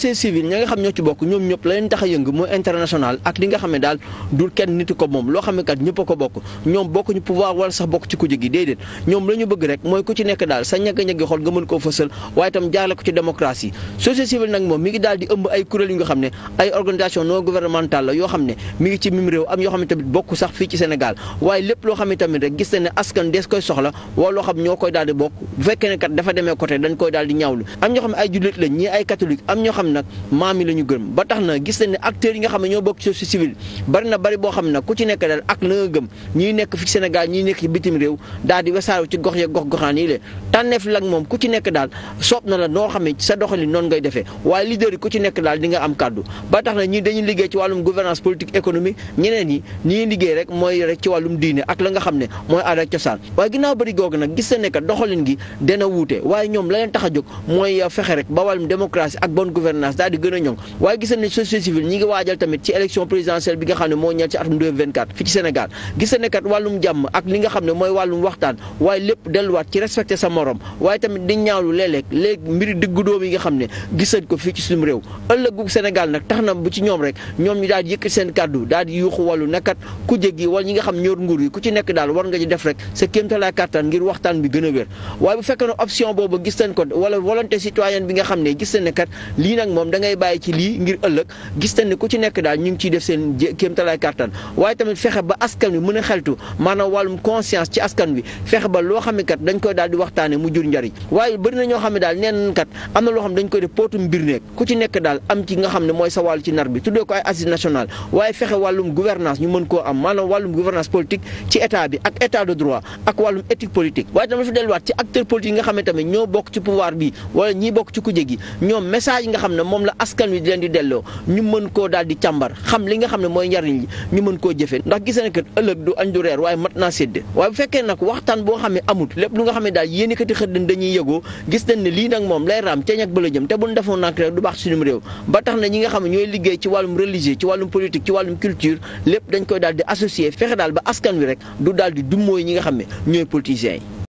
société civile ña nga xam ñoo ci bokk ñoom ñëpp la leen tax a yëngu mooy international ak li nga xam ne daal du kenn nit ko moom loo xam ne kat ñëpp a ko bokk ñoom bokk ñu pouvoir wala sax bokk ci kujje gi déedéet ñoom la bëgg rek mooy ku ci nekk daal sa ñagg-ñaggi xool nga mën koo fësal waaye itam jaarale ko ci démocratie société civile nag moom mi ngi daal di ëmb ay kuréel yu nga xam ne ay organisation non gouvernementale la yoo xam ne mi ngi ci nag maam yi la ñu gëm ba tax na gis nañ ne acteurs yi nga xam ne ñoo bokk ci société civile bari na bari boo xam ne ku ci nekk daal ak la nga gëm ñuy nekk fi Sénégal ñiy nekk ci bitim réew daal di wasaaru ci gox ya gox goxaan yi la tànneef lag moom ku ci nekk daal soob na la noo xam ne sa doxalin noonu ngay defee waaye leader ku ci nekk daal di nga am kàddu ba tax na ñii dañuy liggéey ci wàllum gouvernance politique économique ñeneen ñi ñi liggéey rek mooy rek ci wàllum diine ak la nga xam ne mooy a fexe rek ba wàllum démocratie ak bonne gouvernance daal di gën a ñoŋ waaye gis ne société civile ñi ngi waajal tamit ci élection présidentielle bi nga xam ne moo ñeel ci atum 2024 mooy wàllum waxtaan waaye lépp delluwaat ci morom waaye tamit di ñaawlu léeg-léeg léegi mbiri diggu dóom yi nga xam ne gisañ ko fii ci suñu réew ëllëgu Sénégal nag tax na bu ci ñoom rek ñoom ñu daal di yëkkati seen kàddu daal di yuuxu wàllu nekkat ku jéggi wala ñi nga xam ñoor nguur yi ku ci nekk daal war nga ci def rek sa kéemtalaay kàttan ngir waxtaan bi a wér waaye bu fekkee ne option boobu gis xam ne gis nañ lii nag moom da bàyyi ci lii ngir ëllëg gis ne ku ci nekk daal ñu ngi def seen kéemtalaay kàttan waaye tamit fexe ba askan wi mën a xeltu maanaam wàllum conscience ci askan wi fexe ba loo xam kat dañ koy waxtaane mu jur njariñ waaye bëri ñoo xam daal neen kat am na loo xam dañ koy def pootum mbir nekk ku ci nekk daal am ci nga xam ne mooy sa wàllu ci nar bi tuddee ko ay assise nationale waaye fexe wàllum gouvernance ñu mën koo am maanaam wàllum gouvernance politique ci état bi ak état de droit ak wàllum éthique politique waaye tamit dafa delluwaat ci acteur politique nga xam ne tamit ñoo bokk ci pouvoir bi wala ñii bokk ci kujje gi ñoom message nga xam ne moom la askan yëkkati xët dañ dañuy yëgoo gis nañ ne lii nag moom lay raam ca ñag ba la jëm te buñ defoon nak rek du baax suñu réew ba tax na ñi nga xam ne ñooy liggéey ci wàllum religieux ci wàllum politique ci wàllum culture lépp dañ koy daal di associé fexe daal ba askan wi rek du daal di dummooy ñi nga xam ne ñooy politiciens yi